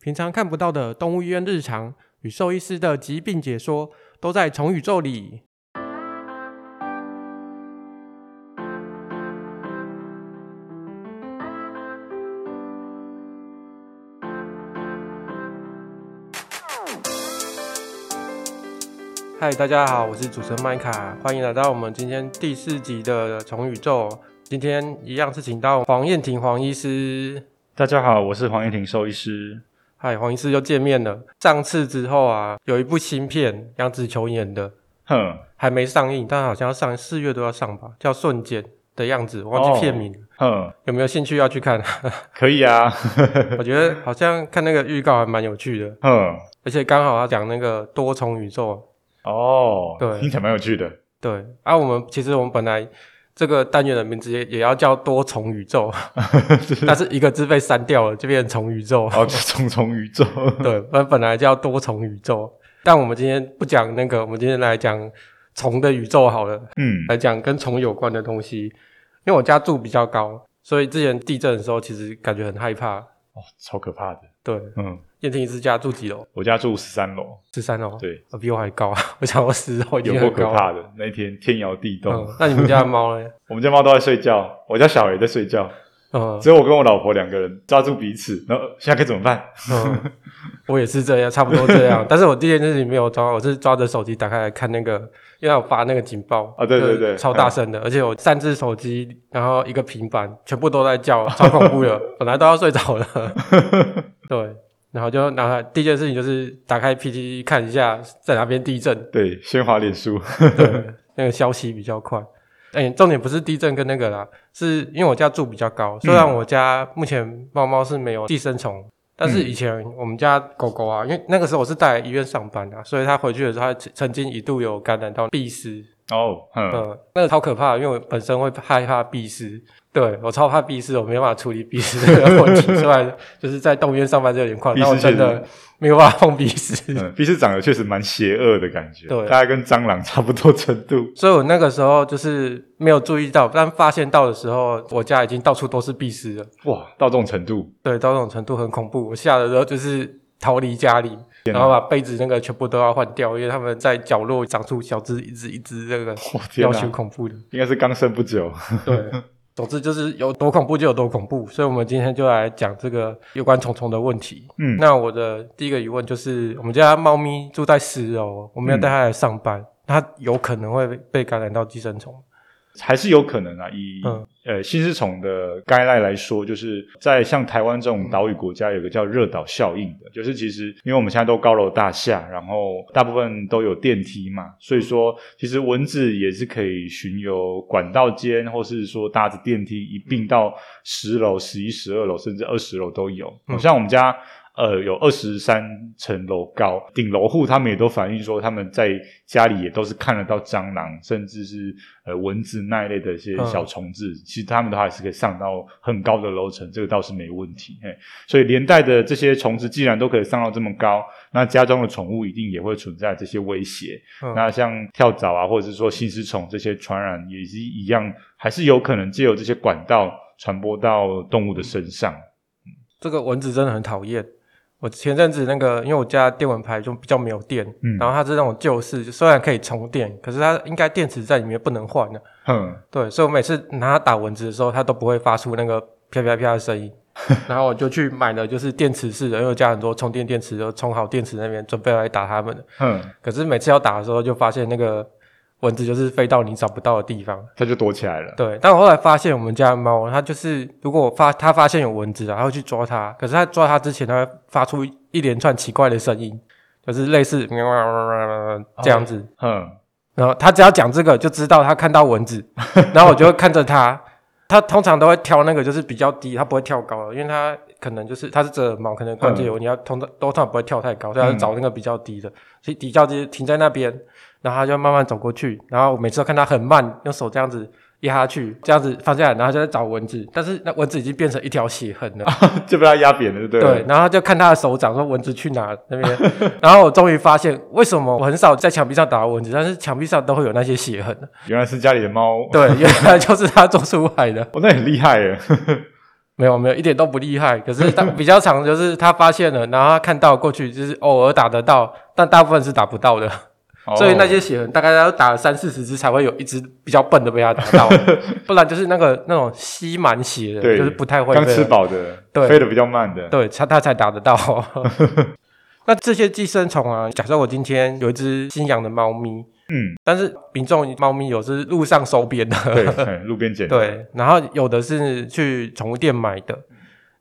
平常看不到的動物醫院日常與獸醫師的疾病解說，都在《蟲宇宙》裡。嗨，大家好，我是主持人麥卡，歡迎來到我們今天第四集的《蟲宇宙》。今天一樣是請到黃硯庭黃醫師。大家好，我是黃硯庭獸醫師。嗨，Hi, 黃醫師又見面了。上次之後啊，有一部新片，楊紫瓊演的，哼，還沒上映，但好像要上，四月都要上吧，叫《瞬間》的樣子，我忘記片名。嗯、哦，有沒有興趣要去看？ 可以啊， 我覺得好像看那個預告還蠻有趣的。嗯哼，而且剛好他講那個多重宇宙。哦，對，聽起來蠻有趣的。對，啊，我們其實我們本來。這個單元的名字也也要叫多重宇宙， 但是一個字被刪掉了，就變成重宇宙。 哦，重重宇宙。 對，本本來叫多重宇宙，但我們今天不講那個，我們今天來講蟲的宇宙好了。嗯，來講跟蟲有關的東西。因為我家住比較高，所以之前地震的時候，其實感覺很害怕。哦，超可怕的。對，嗯，硯庭，你家住幾樓？我家住十三樓，十三樓，對，比我還高啊！我想我十樓有點夠可怕的。那一天天搖地動，那你們家的貓呢？我們家貓都在睡覺，我家小黑在睡覺，嗯，只有我跟我老婆兩個人抓住彼此。然後現在該怎麼辦？我也是這樣，差不多這樣。但是我第一件事沒有抓，我是抓着手機打開來看那個，因為我發那個警報啊，對對對，超大聲的，而且有三只手機，然後一個平板，全部都在叫，超恐怖的，本來都要睡着了。對，然後就拿第一件事情就是打開 PTT 看一下在哪邊地震。對，先滑臉書， 那個消息比較快。哎，重點不是地震跟那個啦，是因為我家住比較高，嗯、雖然我家目前貓貓是沒有寄生蟲，但是以前我們家狗狗啊，嗯、因為那個時候我是帶來醫院上班的、啊，所以他回去的時候他曾經一度有感染到壁蝨。哦，oh，嗯，那個超可怕，因為我本身會害怕壁蝨，對我超怕壁蝨，我沒辦法處理壁蝨的問題出來， 就是在動物園上班就有點快，然後我真的沒有辦法碰壁蝨。嗯，壁蝨長得確實蠻邪惡的感覺，對，大概跟蟑螂差不多程度。所以我那個時候就是沒有注意到，但發現到的時候，我家已經到處都是壁蝨了。哇，到這種程度？對，到這種程度很恐怖，我嚇的時候就是逃離家裡，然後把被子那個全部都要換掉，因為他們在角落長出小只一只一只這個，要求恐怖的，應該是剛生不久。 對，總之就是有多恐怖就有多恐怖。所以我們今天就來講這個有關蟲蟲的問題。嗯，那我的第一個疑問就是，我們家貓咪住在十樓，我們要帶它來上班，它、嗯、有可能會被感染到寄生蟲？還是有可能啊，以、嗯、呃，心絲蟲的概念來說，就是在像台灣這種島嶼國家，有個叫熱島效應的，就是其實因為我們現在都高樓大廈，然後大部分都有電梯嘛，所以說其實蚊子也是可以巡遊管道間，或是說搭着電梯一併到十樓、十一、十二樓，甚至二十樓都有。嗯、像我們家。呃，有二十三層樓高，頂樓戶他們也都反映說，他們在家裡也都是看得到蟑螂，甚至是呃蚊子那一類的一些小蟲子。嗯、其實他們的話還是可以上到很高的樓層，這個倒是沒問題。嘿，所以連帶的這些蟲子既然都可以上到這麼高，那家中的寵物一定也會存在這些威脅。嗯、那像跳蚤啊，或者是說心絲蟲這些傳染也是一樣，還是有可能借由這些管道傳播到動物的身上。嗯、這個蚊子真的很討厭。我前陣子那個，因為我家電蚊拍就比較沒有電，嗯、然後它是那種舊式，雖然可以充電，可是它應該電池在裡面不能換的、啊。嗯、對，所以我每次拿它打蚊子的時候，它都不會發出那個啪啪啪啪的聲音， 然後我就去買了就是電池式的，因為我家很多充電電池都充好，電池那邊準備來打它們的。嗯、可是每次要打的時候，就發現那個。蚊子就是飛到你找不到的地方，它就躲起來了。對，但我後來發現，我們家的貓它就是，如果我發它發現有蚊子啊，然後去抓它，可是它抓它之前，它會發出一連串奇怪的聲音，就是類似這樣子，哦、嗯，然後它只要講這個，就知道它看到蚊子， 然後我就會看着它，它通常都會跳那個就是比較低，它不會跳高，因為它可能就是它是折耳貓，可能關節有，嗯、你要通常都它不會跳太高，所以它找那個比較低的，嗯、所以底下就停在那邊。然後他就慢慢走過去，然後我每次都看他很慢，用手這樣子壓下去，這樣子放下來，然後就在找蚊子。但是那蚊子已經變成一條血痕了， 就被他壓扁了，對不對？對，然後就看他的手掌，說蚊子去哪了那邊。 然後我終於發現，為什麼我很少在牆壁上打蚊子，但是牆壁上都會有那些血痕。原來是家裡的貓。對，原來就是他做出來的。 哦，那很厲害耶。 沒有沒有，一點都不厲害。可是他比較常就是他發現了，然後他看到過去，就是偶爾打得到，但大部分是打不到的。所以那些血痕大概要打三四十隻，才會有一隻比較笨的被他打到，不然就是那個那種吸滿血的，對就是不太會飛。剛吃飽的。的對。飛的比較慢的。對，對，他它才打得到。 那這些寄生蟲啊，假設我今天有一隻新養的貓咪，嗯，但是民眾貓咪有是路上收編的，對，路邊撿的。對，然後有的是去寵物店買的，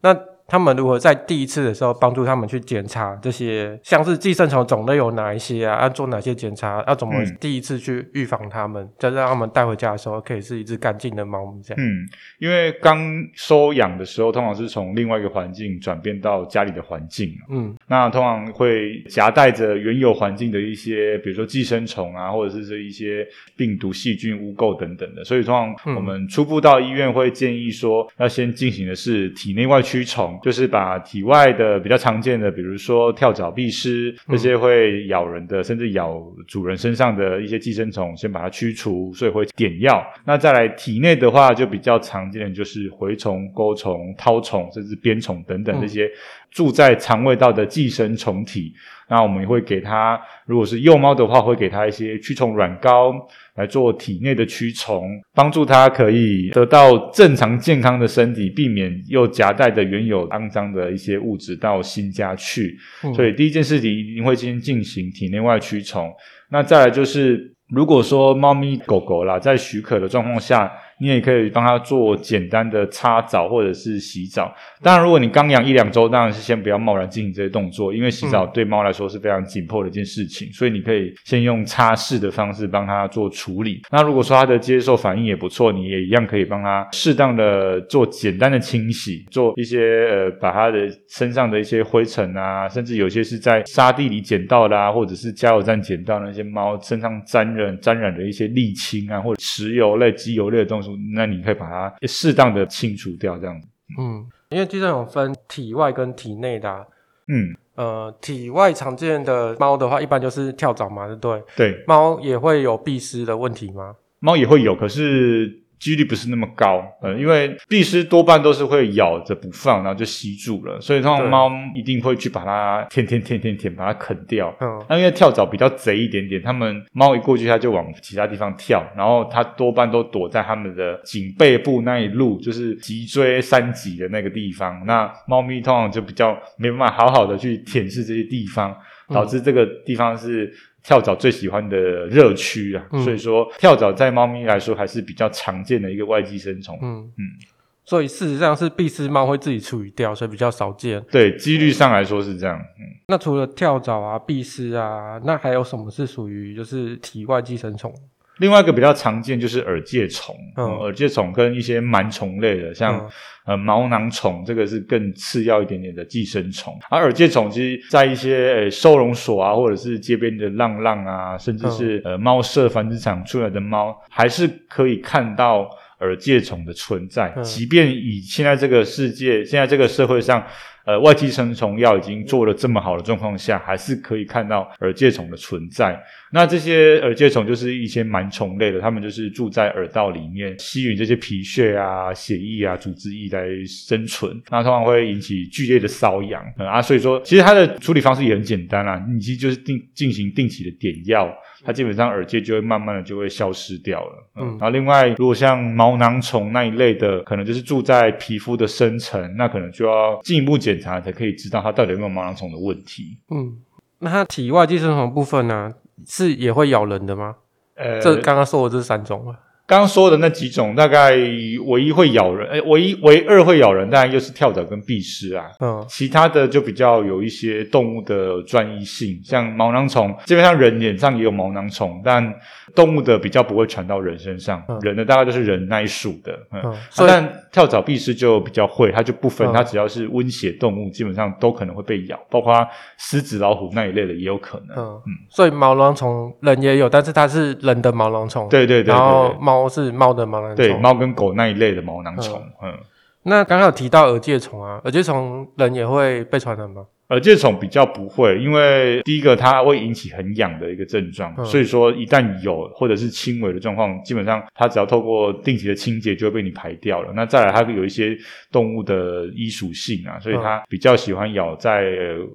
那。他們如何在第一次的時候幫助他們去檢查這些，像是寄生蟲種類有哪一些啊？要、啊、做哪些檢查？要、啊、怎麼第一次去預防他們？再、嗯、讓他們帶回家的時候可以是一只乾淨的貓，嗯、這樣。嗯，因為剛收養的時候，通常是從另外一個環境轉變到家裡的環境嘛，嗯，那通常會夾帶着原有環境的一些，比如說寄生蟲啊，或者是這一些病毒、細菌、污垢等等的。所以通常我們初步到醫院會建議說，要先進行的是體內外驅蟲。就是把體外的比較常見的，比如說跳蚤、壁蝨這些會咬人的，嗯、甚至咬主人身上的一些寄生蟲，先把它驅除，所以會點藥。那再來體內的話，就比較常見的就是蛔蟲、鈎蟲、絛蟲，甚至鞭蟲等等這些。嗯住在腸胃道的寄生蟲體，那我們也會給它，如果是幼貓的話，會給它一些驅蟲軟膏來做體內的驅蟲，幫助它可以得到正常健康的身體，避免又夾帶着原有骯髒的一些物質到新家去。嗯。所以第一件事情一定會先進行體內外驅蟲，那再來就是，如果說貓咪狗狗啦，在許可的狀況下。你也可以幫它做簡單的擦澡或者是洗澡。當然，如果你剛養一兩周，當然是先不要貿然進行這些動作，因為洗澡對貓來說是非常緊迫的一件事情。所以你可以先用擦拭的方式幫它做處理。那如果說它的接受反應也不錯，你也一樣可以幫它適當的做簡單的清洗，做一些呃，把它的身上的一些灰塵啊，甚至有些是在沙地裡撿到的啊，或者是加油站撿到的那些貓身上沾染沾染的一些瀝青啊，或者石油類、機油類的東西。那你可以把它適當的清除掉，這樣子。嗯，因為寄生蟲有分體外跟體內的啊。嗯，呃，體外常見的貓的話，一般就是跳蚤嘛，對對？貓也會有蜱蝨的問題嗎？貓也會有，可是。幾率不是那麼高，呃、嗯，因為壁蝨多半都是會咬着不放，然後就吸住了，所以通常貓一定會去把它舔舔舔舔舔，對把它啃掉。嗯，那因為跳蚤比較賊一點點，它們貓一過去它就往其他地方跳，然後它多半都躲在它們的頸背部那一路，就是脊椎三脊的那個地方。那貓咪通常就比較沒辦法好好的去舔舐這些地方。導致這個地方是跳蚤最喜歡的熱區啊，嗯、所以說跳蚤在貓咪來說還是比較常見的一個外寄生蟲。嗯嗯，嗯，所以事實上是壁蝨貓會自己處理掉，所以比較少見。對，幾率上來說是這樣。嗯，嗯，那除了跳蚤啊、壁蝨啊，那還有什麼是屬於就是體外寄生蟲？另外一個比較常見就是耳疥蟲，嗯、耳疥蟲跟一些蟎蟲類的，像、嗯、呃毛囊蟲，這個是更次要一點點的寄生蟲。而、啊、耳疥蟲其實，在一些、欸、收容所啊，或者是街邊的浪浪啊，甚至是、嗯、呃貓舍繁殖場出來的貓，還是可以看到耳疥蟲的存在，嗯、即便以現在這個世界，現在這個社會上。呃，外寄生蟲藥已經做了這麼好的狀況下，還是可以看到耳疥蟲的存在。那這些耳疥蟲就是一些蟎蟲類的，它們就是住在耳道裡面，吸吮這些皮屑啊、血液啊、組織液來生存。那通常會引起劇烈的瘙癢、嗯、啊，所以說其實它的處理方式也很簡單啊，你其實就是定進行定期的點藥。它基本上耳疥就會慢慢的就會消失掉了，嗯，嗯，然後另外如果像毛囊蟲那一類的，可能就是住在皮膚的深層，那可能就要進一步檢查才可以知道它到底有沒有毛囊蟲的問題。嗯，那它體外寄生蟲部分呢？啊，是也會咬人的嗎？呃，這剛剛說的這三種。剛剛說的那幾種，大概唯一會咬人，誒，唯一唯二會咬人，當然又是跳蚤跟壁蝨啊。嗯，其他的就比較有一些動物的專一性，像毛囊蟲，基本上人臉上也有毛囊蟲，但。動物的比較不會傳到人身上，嗯、人的大概就是人耐屬的，嗯，但跳蚤、必蝨就比較會，它就不分，它、嗯、只要是溫血動物，基本上都可能會被咬，包括獅子、老虎那一類的也有可能，嗯嗯。嗯，所以毛囊蟲人也有，但是它是人的毛囊蟲，對對，對對對。然後貓是貓的毛囊蟲，對，貓跟狗那一類的毛囊蟲，嗯。嗯嗯，那剛有提到耳界蟲啊，耳界蟲人也會被傳染嗎？耳疥蟲比較不會，因為第一個它會引起很癢的一個症狀，嗯、所以說一旦有或者是輕微的狀況，基本上它只要透過定期的清潔就會被你排掉了。那再來，它有一些動物的依屬性啊，所以它比較喜歡咬在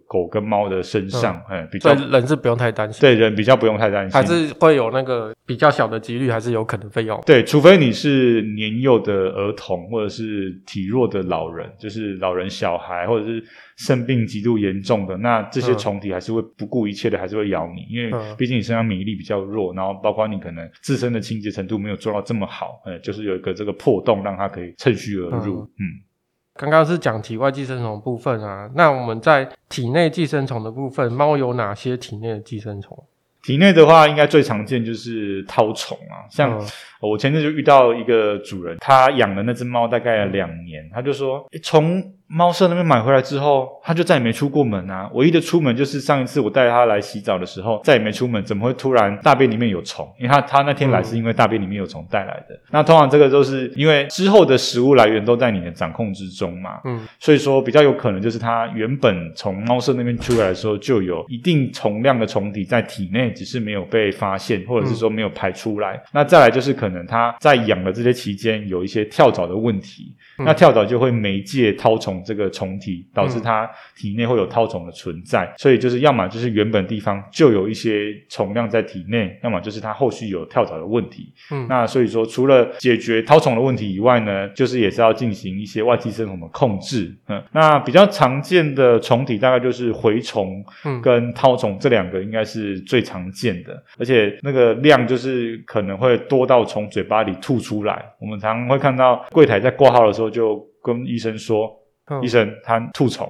狗跟貓的身上，哎、嗯嗯，比較人是不用太擔心，對人比較不用太擔心，還是會有那個比較小的幾率，還是有可能會咬。對，除非你是年幼的兒童或者是體弱的老人，就是老人小孩或者是生病極度。嚴重的，那這些蟲體還是會不顧一切的，嗯、還是會咬你，因為畢竟你身上免疫力比較弱，然後包括你可能自身的清潔程度沒有做到這麼好，哎、嗯，就是有一個這個破洞，讓它可以趁虛而入。嗯，嗯，剛剛是講體外寄生蟲的部分啊，那我們在體內寄生蟲的部分，貓有哪些體內的寄生蟲？體內的話，應該最常見就是絛蟲啊，像，嗯我前陣就遇到一個主人，他養了那只貓大概兩年，他就說從貓舍那邊買回來之後，他就再也沒出過門啊。唯一的出門就是上一次我帶它來洗澡的時候，再也沒出門。怎麼會突然大便裡面有蟲？因為他他那天來是因為大便裡面有蟲帶來的。嗯、那通常這個都是因為之後的食物來源都在你的掌控之中嘛，嗯，所以說比較有可能就是它原本從貓舍那邊出來的時候就有一定重量的蟲體在體內，只是沒有被發現，或者是說沒有排出來。嗯、那再來就是可能。可能它在養的這些期間有一些跳蚤的問題，那跳蚤就會媒介絛蟲這個蟲體，導致它體內會有絛蟲的存在。所以就是要麼就是原本地方就有一些蟲量在體內，要麼就是它後續有跳蚤的問題。嗯，那所以說除了解決絛蟲的問題以外呢，就是也是要進行一些外寄生蟲的控制。嗯，那比較常見的蟲體大概就是蛔蟲跟絛蟲這兩個應該是最常見的，嗯，而且那個量就是可能會多到蟲。從嘴巴裡吐出來，我們常常會看到櫃檯在掛號的時候就跟醫生說：“嗯、醫生，他吐蟲。”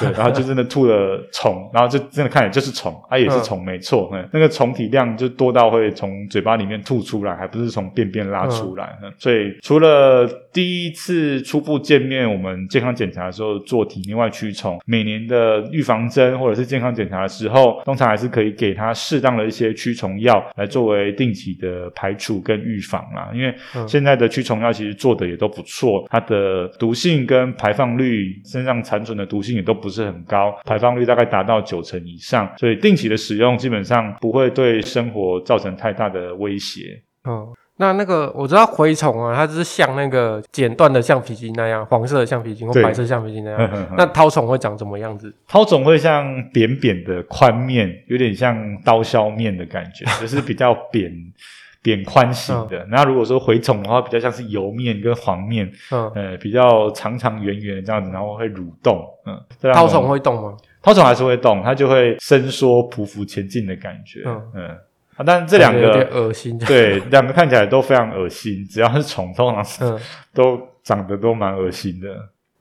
對，然後就真的吐了蟲， 然後就真的看見就是蟲，它、啊、也是蟲，嗯、沒錯。那個蟲體量就多到會從嘴巴裡面吐出來，還不是從便便拉出來。嗯、所以除了。第一次初步見面，我們健康檢查的時候做體內外驅蟲，每年的預防針或者是健康檢查的時候，通常還是可以給他適當的一些驅蟲藥來作為定期的排除跟預防啦。因為現在的驅蟲藥其實做的也都不錯，它的毒性跟排放率，身上殘存的毒性也都不是很高，排放率大概達到九成以上，所以定期的使用基本上不會對生活造成太大的威脅。嗯。那那個我知道蛔蟲啊，它就是像那個剪斷的橡皮筋那樣，黃色的橡皮筋或白色橡皮筋那樣。呵呵呵，那絛蟲會長怎麼樣子？絛蟲會像扁扁的寬麵，有點像刀削麵的感覺，就是比較扁 扁寬型的。嗯、那如果說蛔蟲的話，比較像是油麵跟黃麵，嗯，呃，比較長長圓圓的這樣子，然後會蠕動，嗯。絛蟲會動嗎？絛蟲還是會動，它就會伸縮、匍匐前進的感覺，嗯。嗯啊，但是這兩個，有點噁心，對，兩 個看起來都非常噁心。只要是蟲，通常，是、嗯、都長得都蠻噁心的。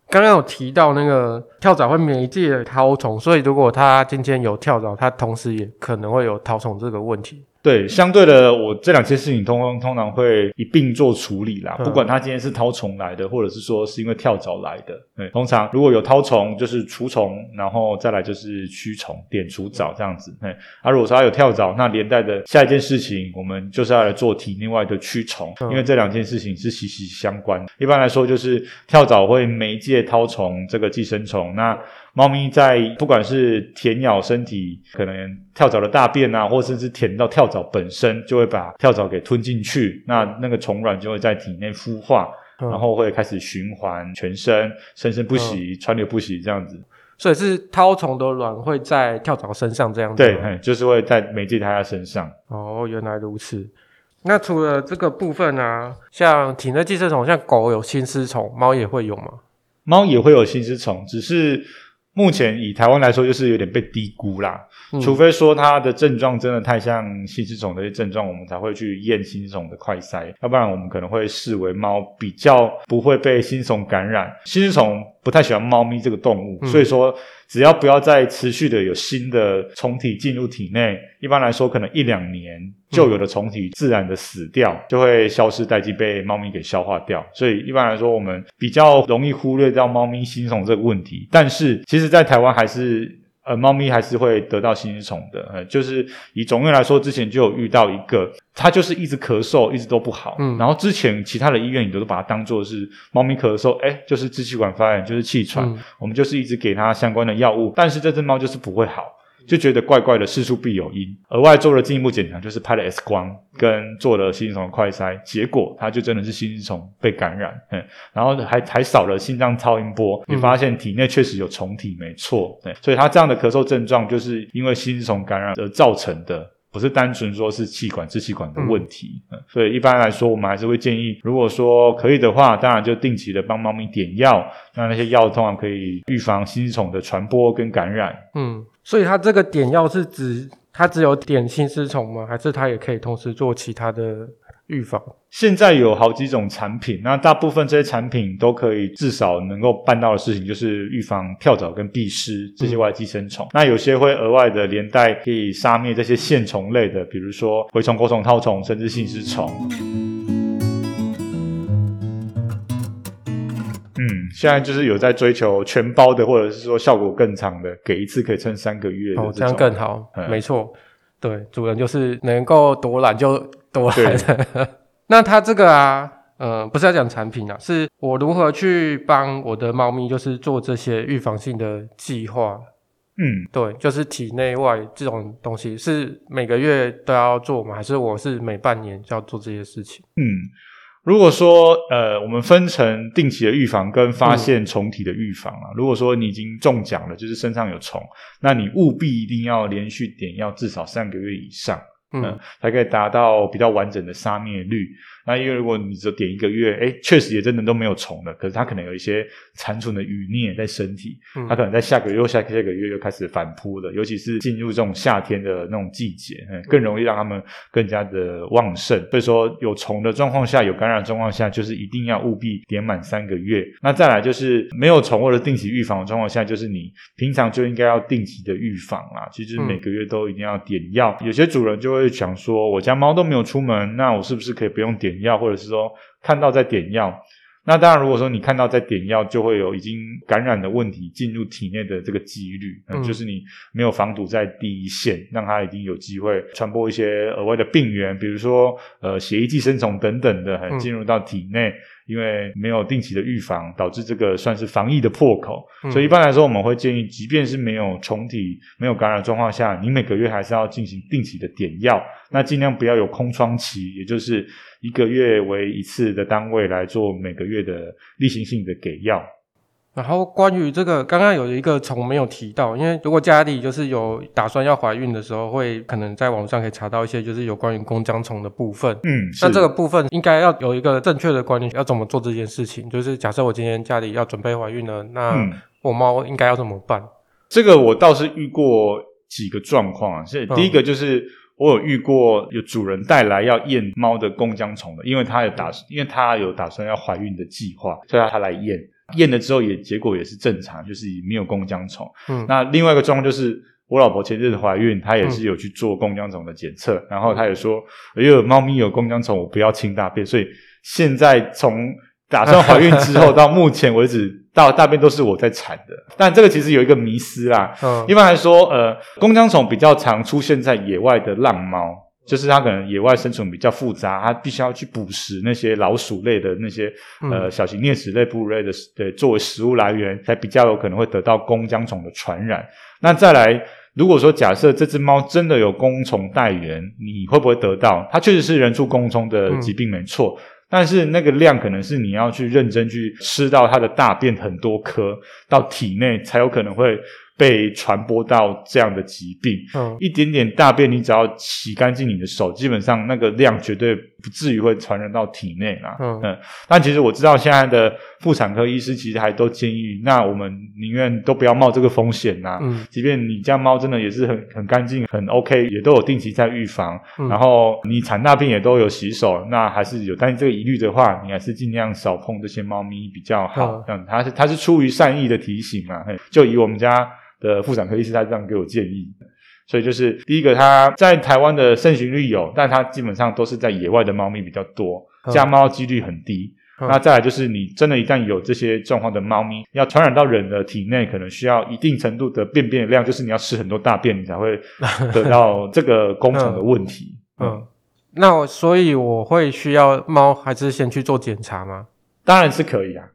剛剛有提到那個跳蚤會媒介絛蟲，所以如果他今天有跳蚤，他同時也可能會有絛蟲這個問題。對，相對的，我這兩件事情通通，通常會一併做處理啦。嗯、不管他今天是絛蟲來的，或者是說是因為跳蚤來的，對，通常如果有絛蟲，就是除蟲，然後再來就是驅蟲、點除蚤這樣子，哎，啊，如果說他有跳蚤，那連帶的下一件事情，我們就是要來做體內外的驅蟲，嗯、因為這兩件事情是息息相關。一般來說，就是跳蚤會媒介絛蟲這個寄生蟲，那。貓咪在不管是舔咬身體，可能跳蚤的大便啊，或甚至舔到跳蚤本身，就會把跳蚤給吞進去。那那個蟲卵就會在體內孵化，嗯、然後會開始循環全身，生生不息，嗯、川流不息這樣子。所以是絛蟲的卵會在跳蚤身上這樣子。對、嗯，就是會在媒介它的身上。哦，原來如此。那除了這個部分啊，像體內寄生蟲，像狗有心絲蟲，貓也會有嗎？貓也會有心絲蟲，只是。目前以台灣來說，就是有點被低估啦。嗯。除非說它的症狀真的太像心絲蟲那些症狀，我們才會去驗心絲蟲的快篩；要不然，我們可能會視為貓比較不會被心絲蟲感染。心絲蟲。不太喜歡貓咪這個動物，嗯、所以說只要不要再持續的有新的蟲體進入體內，一般來說可能一兩年舊有的蟲體自然的死掉，嗯、就會消失殆盡，被貓咪給消化掉。所以一般來說我們比較容易忽略掉貓咪心蟲這個問題，但是其實在台灣還是。呃，貓咪還是會得到心絲蟲的，呃，就是以總院來說，之前就有遇到一個，它就是一直咳嗽，一直都不好，嗯、然後之前其他的醫院也都把它當做是貓咪咳嗽，哎、欸，就是支氣管發炎，就是氣喘，嗯、我們就是一直給它相關的藥物，但是這隻貓就是不會好。就覺得怪怪的，事出必有因。額外做了進一步檢查，就是拍了 X 光跟做了心絲蟲快篩，結果他就真的是心絲蟲被感染，然後還還掃了心臟超音波，你發現體內確實有蟲體，沒錯，對，所以他這樣的咳嗽症狀就是因為心絲蟲感染而造成的。不是單純說是氣管支氣管的問題，嗯，呃，所以一般來說，我們還是會建議，如果說可以的話，當然就定期的幫貓咪點藥，讓那，那些藥通常可以預防心絲蟲的傳播跟感染。嗯，所以它這個點藥是指它只有點心絲蟲嗎？還是它也可以同時做其他的？預防。現在有好幾種產品，那大部分這些產品都可以至少能夠辦到的事情，就是預防跳蚤跟壁蝨這些外寄生蟲。嗯、那有些會額外的連帶可以殺滅這些線蟲類的，比如說蛔蟲、鈎蟲、絛蟲，甚至心絲蟲。嗯，現在就是有在追求全包的，或者是說效果更長的，給一次可以撐三個月，哦，這樣更好，嗯、沒錯。對，主人就是能夠躲懶就躲懶對 那他這個啊，呃，不是要講產品啊，是我如何去幫我的貓咪，就是做這些預防性的計劃。嗯，對，就是體內外這種東西，是每個月都要做嗎？還是我是每半年就要做這些事情？嗯。如果說，呃，我們分成定期的預防跟發現蟲體的預防啊。嗯、如果說你已經中獎了，就是身上有蟲，那你務必一定要連續點藥至少三個月以上，嗯，嗯，才可以達到比較完整的殺滅率。那因為如果你只點一個月，哎，確實也真的都沒有蟲了。可是它可能有一些殘存的餘孽在身體，它可能在下個月又下下個月又開始反撲了。尤其是進入這種夏天的那種季節，更容易讓它們更加的旺盛。所以說有蟲的狀況下，有感染的狀況下，就是一定要務必點滿三個月。那再來就是沒有蟲或者定期預防的狀況下，就是你平常就應該要定期的預防啦，其實每個月都一定要點藥。嗯、有些主人就會想說，我家貓都沒有出門，那我是不是可以不用點？藥，或者是說看到在點藥，那當然，如果說你看到在點藥，就會有已經感染的問題進入體內的這個幾率，嗯、就是你沒有防堵在第一線，讓他已經有機會傳播一些額外的病原，比如說呃，血液寄生蟲等等的，嗯、進入到體內。因為沒有定期的預防，導致這個算是防疫的破口。嗯。所以一般來說，我們會建議，即便是沒有蟲體、沒有感染狀況下，你每個月還是要進行定期的點藥，那儘量不要有空窗期，也就是一個月為一次的單位來做每個月的例行性的給藥。然後關於這個，剛剛有一個蟲沒有提到，因為如果家裡就是有打算要懷孕的時候，會可能在網上可以查到一些就是有關於弓漿蟲的部分。嗯，是那這個部分應該要有一個正確的觀念，要怎麼做這件事情？就是假設我今天家裡要準備懷孕了，那我貓應該要怎麼辦？嗯、這個我倒是遇過幾個狀況，啊，是第一個就是我有遇過有主人帶來要驗貓的弓漿蟲的，因為他有打，嗯、因為他有打算要懷孕的計劃，所以他來驗。驗了之後也結果也是正常，就是也沒有弓漿蟲。嗯，那另外一個狀況就是，我老婆前陣子懷孕，她也是有去做弓漿蟲的檢測，嗯，然後她也說，因為貓咪有弓漿蟲，我不要清大便，所以現在從打算懷孕之後到目前為止，到 大便都是我在鏟的。但這個其實有一個迷思啦，嗯，一般來說，呃，弓漿蟲比較常出現在野外的浪貓。就是它可能野外生存比較複雜，它必須要去捕食那些老鼠類的那些、嗯、呃小型齧齒類哺乳類的對作為食物來源，才比較有可能會得到弓漿蟲的傳染。那再來，如果說假設這只貓真的有弓蟲帶原，你會不會得到？它確實是人畜弓蟲的疾病沒錯，嗯、但是那個量可能是你要去認真去吃到它的大便很多顆，到體內才有可能會被傳播到這樣的疾病，嗯、一點點大便，你只要洗乾淨你的手，基本上那個量絕對，不至於會傳染到體內啊，嗯，但其實我知道現在的婦產科醫師其實還都建議，那我們寧願都不要冒這個風險啦，嗯，即便你家貓真的也是很很乾淨，很 OK，也都有定期在預防，嗯，然後你鏟大便也都有洗手，那還是有。但你這個疑慮的話，你還是盡量少碰這些貓咪比較好。嗯，他，他是他是出於善意的提醒啊，就以我們家的婦產科醫師他這樣給我建議。所以就是第一個，它在台灣的盛行率有，但它基本上都是在野外的貓咪比較多，家貓幾率很低。嗯、那再來就是，你真的一旦有這些狀況的貓咪，嗯、要傳染到人的體內，可能需要一定程度的便便的量，就是你要吃很多大便，你才會得到這個工程的問題。 嗯，嗯，嗯，那我所以我會需要貓還是先去做檢查嗎？當然是可以啊。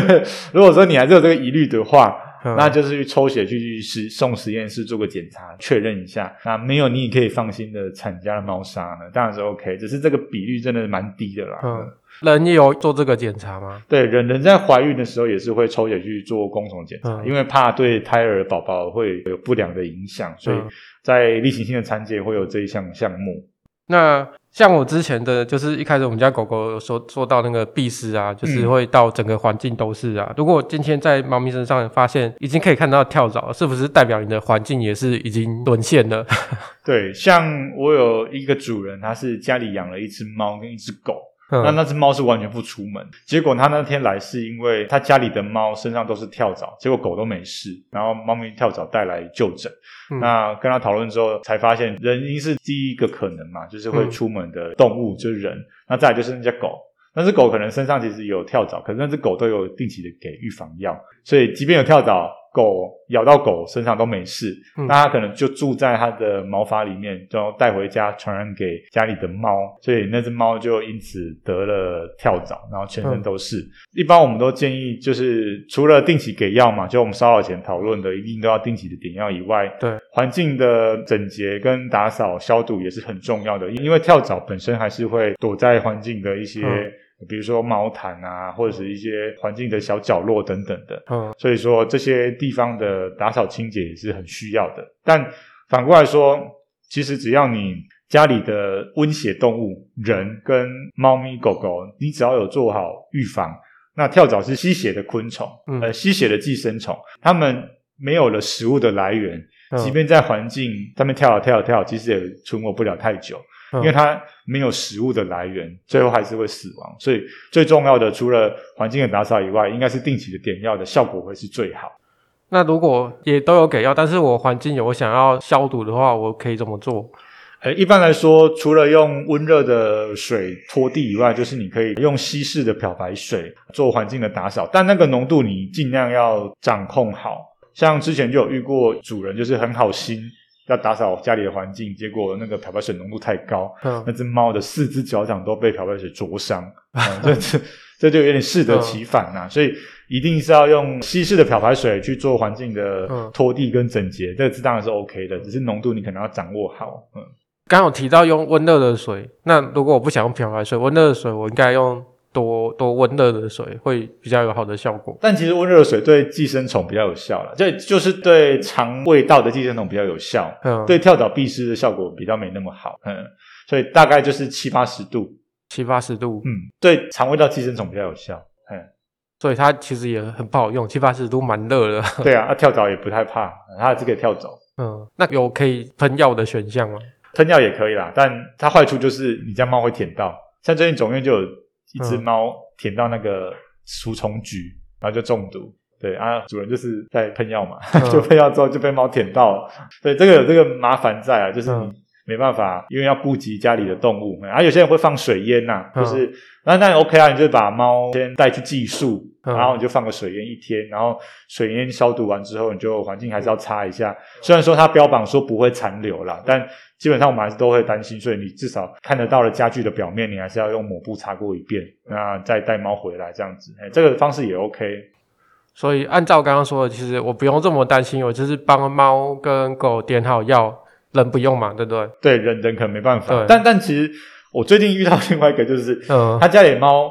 如果說你還是有這個疑慮的話。嗯、那就是去抽血去去實送實驗室做個檢查確認一下，那沒有你也可以放心的鏟家的貓砂呢，當然是 OK，只是這個比率真的蠻低的啦。嗯，嗯人也有做這個檢查嗎？對，人人在懷孕的時候也是會抽血去做弓蟲檢查，嗯、因為怕對胎兒寶寶會有不良的影響，所以在例行性的產檢會有這一項項目。嗯、那。像我之前的就是一開始我們家狗狗有說說到那個壁蝨啊，就是會到整個環境都是啊。嗯，如果今天在貓咪身上發現已經可以看到跳蚤，是不是代表你的環境也是已經淪陷了？ 對，像我有一個主人，他是家裡養了一隻貓跟一隻狗。那那隻貓是完全不出門，結果他那天來是因為他家裡的貓身上都是跳蚤，結果狗都沒事，然後貓咪跳蚤帶來就診。嗯、那跟他討論之後，才發現人應是第一個可能嘛，就是會出門的動物、嗯、就是人。那再來就是那家狗，那隻狗可能身上其實有跳蚤，可是那隻狗都有定期的給預防藥，所以即便有跳蚤。狗咬到狗身上都沒事，嗯、那它可能就住在它的毛髮裡面，然後帶回家傳染給家裡的貓，所以那隻貓就因此得了跳蚤，然後全身都是。嗯、一般我們都建議就是除了定期給藥嘛，就我們稍早前討論的，一定都要定期的點藥以外，對環境的整潔跟打掃消毒也是很重要的，因為跳蚤本身還是會躲在環境的一些、嗯。比如說毛毯啊，或者是一些環境的小角落等等的，嗯、所以說，這些地方的打掃清潔也是很需要的。但反過來說，其實只要你家裡的溫血動物、人跟貓咪、狗狗，你只要有做好預防，那跳蚤是吸血的昆蟲，嗯、呃，吸血的寄生蟲，它們沒有了食物的來源，即便在環境，嗯、它們跳啊跳啊跳，其實也存活不了太久。因為它沒有食物的來源，嗯、最後還是會死亡。所以最重要的，除了環境的打掃以外，應該是定期的點藥的效果會是最好。那如果也都有給藥，但是我環境有我想要消毒的話，我可以怎麼做？呃、哎，一般來說，除了用溫熱的水拖地以外，就是你可以用稀釋的漂白水做環境的打掃，但那個濃度你盡量要掌控好。像之前就有遇過主人就是很好心。要打掃家裡的環境，結果那個漂白水濃度太高，嗯、那隻貓的四隻腳掌都被漂白水灼傷、 嗯，這這這就有點適得其反啊！嗯、所以一定是要用稀釋的漂白水去做環境的拖地跟整潔，嗯、這個當然是 OK 的，只是濃度你可能要掌握好。嗯，剛剛我提到用溫熱的水，那如果我不想用漂白水，溫熱的水我應該用？多多溫熱的水會比較有好的效果，但其實溫熱的水對寄生蟲比較有效啦，這就，就是對腸胃道的寄生蟲比較有效。嗯，對跳蚤、壁蝨的效果比較沒那麼好。嗯，所以大概就是七八十度，七八十度。嗯，對腸胃道寄生蟲比較有效。嗯，所以它其實也很不好用，七八十度蠻熱的。對啊，那、啊、跳蚤也不太怕，它是可以跳走。嗯，那有可以噴藥的選項嗎？噴藥也可以啦，但它壞處就是你家貓會舔到，像最近總院就有。一隻貓舔到那個除蟲菊，然後就中毒。對啊，主人就是在噴藥嘛，嗯、 就噴藥之後就被貓舔到了。對，這個有這個麻煩在啊，就是你。嗯沒辦法，因為要顧及家裡的動物，然後、啊、有些人會放水煙吶、啊，就是那那、嗯、OK 啊，你就把貓先帶去寄宿，嗯、然後你就放個水煙一天，然後水煙消毒完之後，你就環境還是要擦一下。嗯、雖然說它標榜說不會殘留啦，但基本上我們還是都會擔心，所以你至少看得到了家具的表面，你還是要用抹布擦過一遍，那再帶貓回來這樣子，誒、這個方式也 OK。所以按照剛剛說的，其實我不用這麼擔心，我就是幫貓跟狗點好藥。人不用嘛，對不對？對，人人可能沒辦法。對但但其實我最近遇到另外一個，就是他、嗯、家裡的貓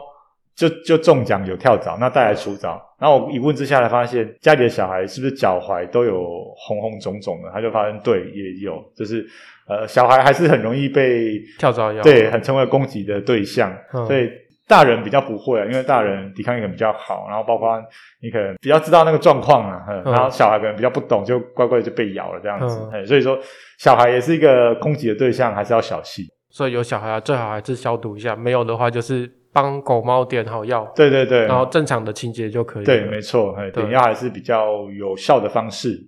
就就中獎有跳蚤，那帶來除蚤。然後我一問之下，來發現家裡的小孩是不是腳踝都有紅紅腫腫的？他就發現對也有，就是呃小孩還是很容易被跳蚤咬，對，很成為攻擊的對象，嗯、所以。大人比較不會、啊，因為大人抵抗力可能比較好，然後包括你可能比較知道那個狀況嘛，嗯、然後小孩可能比較不懂，就乖乖的就被咬了這樣子、嗯。所以說小孩也是一個攻擊的對象，還是要小心。所以有小孩、啊、最好還是消毒一下，沒有的話就是幫狗貓點好藥。對對對，然後正常的清潔就可以了。對，沒錯，哎，點藥還是比較有效的方式。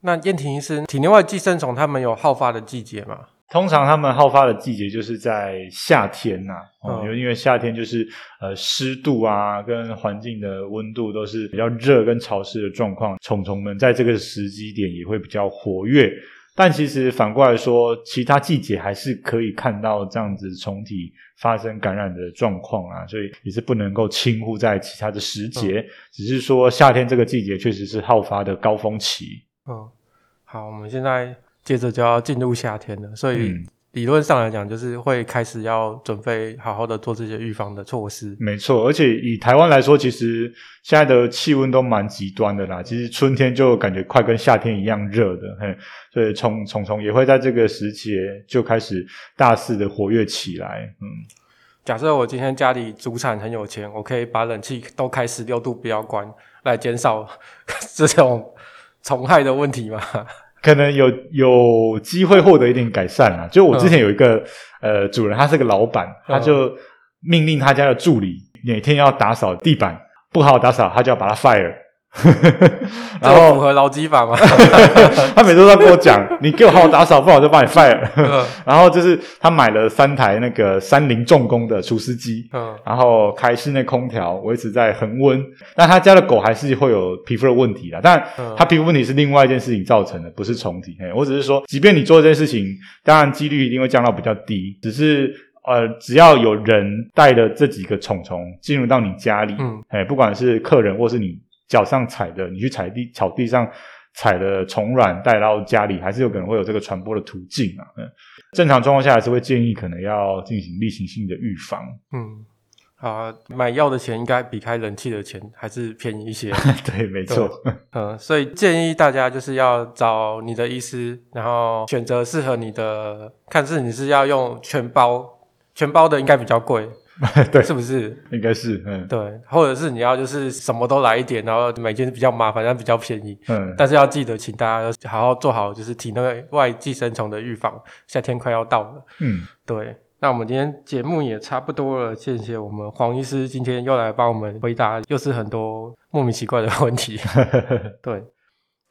那硯庭醫生，體內外寄生蟲它們有好發的季節嗎？通常他們好發的季節就是在夏天吶、啊嗯哦，因為夏天就是呃濕度啊跟環境的溫度都是比較熱跟潮濕的狀況，蟲蟲們在這個時機點也會比較活躍。但其實反過來說，其他季節還是可以看到這樣子蟲體發生感染的狀況啊，所以也是不能夠輕忽在其他的時節，嗯、只是說夏天這個季節確實是好發的高峰期。嗯，好，我們現在。接着就要進入夏天了，所以理論上來講，就是會開始要準備好好的做這些預防的措施。嗯，沒錯，而且以台灣來說，其實現在的氣溫都蠻極端的啦。其實春天就感覺快跟夏天一樣熱的，嘿，所以蟲蟲蟲也會在這個時節就開始大肆的活躍起來。嗯，假設我今天家裡主產很有錢，我可以把冷氣都開十六度不要關，來減少這種蟲害的問題嘛？可能有有機會獲得一點改善啊，就我之前有一個、嗯、呃主人，他是個老闆，他就命令他家的助理哪、嗯、天要打掃地板不好打掃，他就要把他 fire。呵呵呵，然後 符合勞基法嘛， 他每週都跟我講， 你給我好好打掃， 不好就把你 fire 呵呵。 然後就是他買了三台那個三菱重工的除濕機，嗯，然後開室內空調維持在恆溫。但他家的狗還是會有皮膚的問題的，但他皮膚問題是另外一件事情造成的，不是蟲體。我只是說，即便你做這件事情，當然幾率一定會降到比較低，只是呃，只要有人帶的這幾個蟲蟲進入到你家裡，嗯嘿，不管是客人或是你。腳上踩的，你去踩地草地上踩的蟲卵帶到家裡，還是有可能會有這個傳播的途徑啊。嗯，正常狀況下還是會建議可能要進行例行性的預防。嗯，啊，買藥的錢應該比開冷氣的錢還是便宜一些。 對，沒錯。嗯，所以建議大家就是要找你的醫師，然後選擇適合你的。看是你是要用全包，全包的應該比較貴。 對，是不是？應該是，嗯，對，或者是你要就是什麼都來一點，然後每件比較麻煩，但比較便宜，嗯，但是要記得請大家好好做好就是體內外寄生蟲的預防，夏天快要到了，嗯，對，那我們今天節目也差不多了，謝謝我們黃醫師今天又來幫我們回答，又是很多莫名奇怪的問題，呵呵呵，對。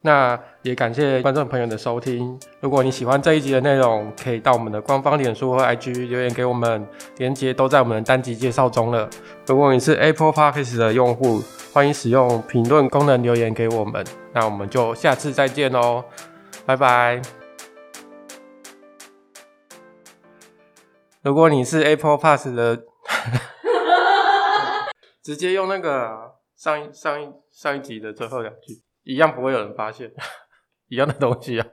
那也感謝觀眾朋友的收聽。如果你喜歡這一集的內容，可以到我們的官方臉書和 IG 留言給我們，連結都在我們的單集介紹中了。如果你是 Apple Podcast 的用戶，歡迎使用評論功能留言給我們。那我們就下次再見咯，拜拜。 如果你是 Apple Pass 的， 直接用那個、啊、上一上一上一集的最後兩句。一樣不會有人發現，呵呵一樣的東西啊。